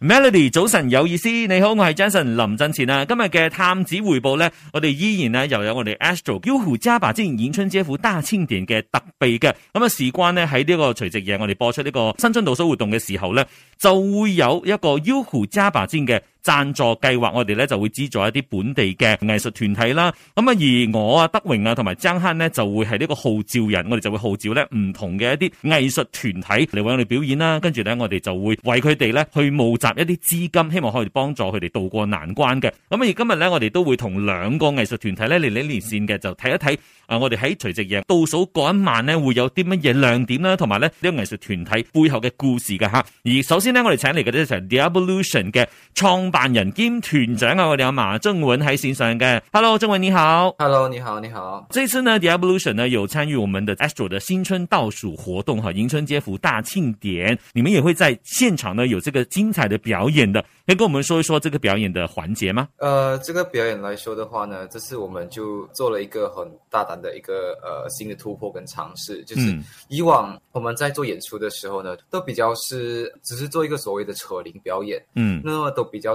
Melody，早晨有意思，你好，我係 Jason 林振前啊。今日嘅探子回報咧，我哋依然咧又有我哋 Astro Uhu Jabba 之前演春師傅大千段嘅特備嘅。咁、嗯、啊，事關咧喺呢個除夕夜，我哋播出呢個新春倒數活動嘅時候咧，就會有一個 Uhu Jabba 之嘅。贊助計劃我哋咧就會資助一啲本地嘅藝術團體啦，咁啊而我啊德榮啊同埋張鏗呢，就會係呢個號召人，我哋就會號召咧唔同嘅一啲藝術團體嚟為我哋表演啦，跟住咧我哋就會為佢哋咧去募集一啲資金，希望可以幫助佢哋渡過難關嘅。咁而今日咧我哋都會同兩個藝術團體咧嚟呢連，連線嘅，就睇一睇啊、呃、我哋喺除夕夜倒數嗰一晚咧會有啲乜嘢亮點啦，同埋咧呢、這個藝術團體背後嘅故事㗎。吓。而首先呢，我哋請嚟嘅咧就係 Diabolution 嘅創。辦人兼團長啊，我哋有馬正文喺線上嘅。Hello，正文你好。Hello，你好，你好。這次呢，Diabolution 呢有參與我們的 Astro 的新春倒數活動，哈，迎春接福大慶典，你們也會在現場呢有這個精彩的表演的，可以跟我們說一說這個表演的環節嗎？呃，這個表演來說的話呢，這次我們就做了一個很大膽的一個呃新的突破跟嘗試，就是以往我們在做演出的時候呢，都比較是只是做一個所謂的扯鈴表演，嗯，那麼都比較，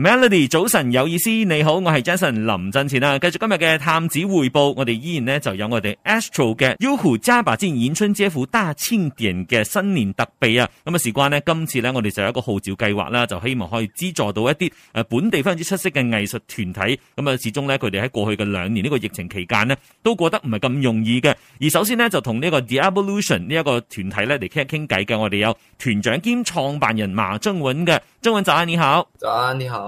Melody，早晨有意思，你好，我係 Jason 林振前啊。繼續今日嘅探子回報，我哋依然咧就有我哋 Astro 嘅、uh、u k o Java 之前演春姐夫大千人嘅新年特備啊。咁啊，事關咧今次咧，我哋就有一個號召計劃啦，就希望可以資助到一啲誒本地非常之出色嘅藝術團體。咁啊，始終咧佢哋喺過去嘅兩年呢個疫情期間咧，都過得唔係咁容易嘅。而首先咧就同呢個 Diabolution 呢一個團體咧嚟傾傾偈嘅，我哋有團長兼創辦人馬政文嘅，政文仔你好，早安你好。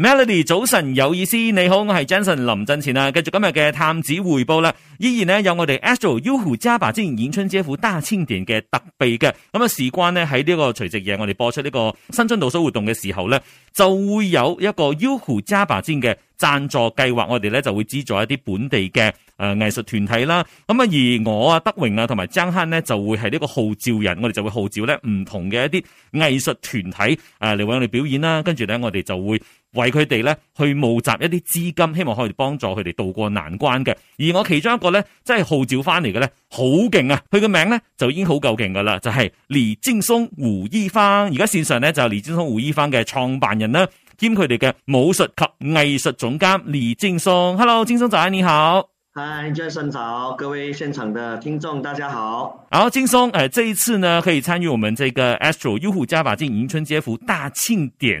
Melody，早晨有意思，你好，我係 Jason 林振前啊，繼續今日嘅探子回報啦，依然呢，有我哋 Astro Yahoo、uh、Jabar 之前演春姐夫大千年嘅特備嘅，咁啊事關呢，喺呢個除夕夜我哋播出呢個新春倒數活動嘅時候呢，就會有一個 Yahoo、uh、Jabar 之嘅，贊助計劃，我哋咧就會資助一啲本地嘅誒藝術團體啦。咁啊，而我啊，德榮啊，同埋張鏗呢就會係呢個號召人，我哋就會號召咧唔同嘅一啲藝術團體誒嚟為我哋表演啦。跟住咧，我哋就會為佢哋咧去募集一啲資金，希望可以幫助佢哋渡過難關嘅。而我其中一個咧，真係號召翻嚟嘅咧，好勁啊！佢嘅名咧就已經好夠勁噶啦，就係李勁松武藝坊。而家綫上咧就係李勁松武藝坊嘅創辦人啦。兼佢哋嘅武術及藝術總監李勁松，Hello，勁松早安你好，Hi，Jason 早，各位現場的聽眾大家好，好，勁松，誒、呃，這一次呢可以參與我們這個 Astro 優酷加把勁迎春接福大慶典。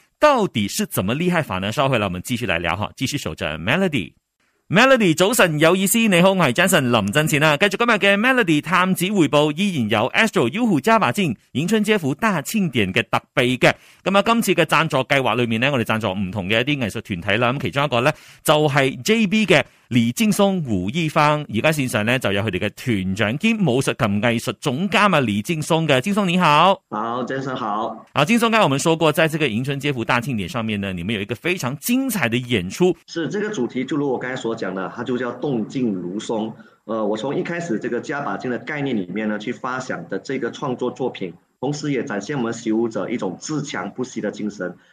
到底是怎麼厲害法呢？稍後嚟，我們繼續來聊哈，繼續守着 Melody。Melody 早晨有意思，你好，我係 Jason 林振前啊。繼續今日嘅 Melody 探子回報，依然有 Astro Yahoo、uh、Java 占迎春接福大慶典嘅特備嘅。咁啊，今次嘅贊助計劃裏面呢，我哋贊助唔同嘅一啲藝術團體啦。咁其中一個咧就係、是、JB 嘅。李勁松、武藝坊，而家綫上呢，就有佢哋嘅團長兼武術及藝術總監啊，李勁松嘅，勁松你好。好，鄭生好。好，勁松，剛才我們說過，在這個迎春接福大慶典上面呢，你們有一個非常精彩的演出。是，這個主題就如我剛才所講的，它就叫動靜如松。呃，我從一開始這個加把勁的概念裏面呢，去發想的這個創作作品，同時也展現我們習武者一種自強不息的精神。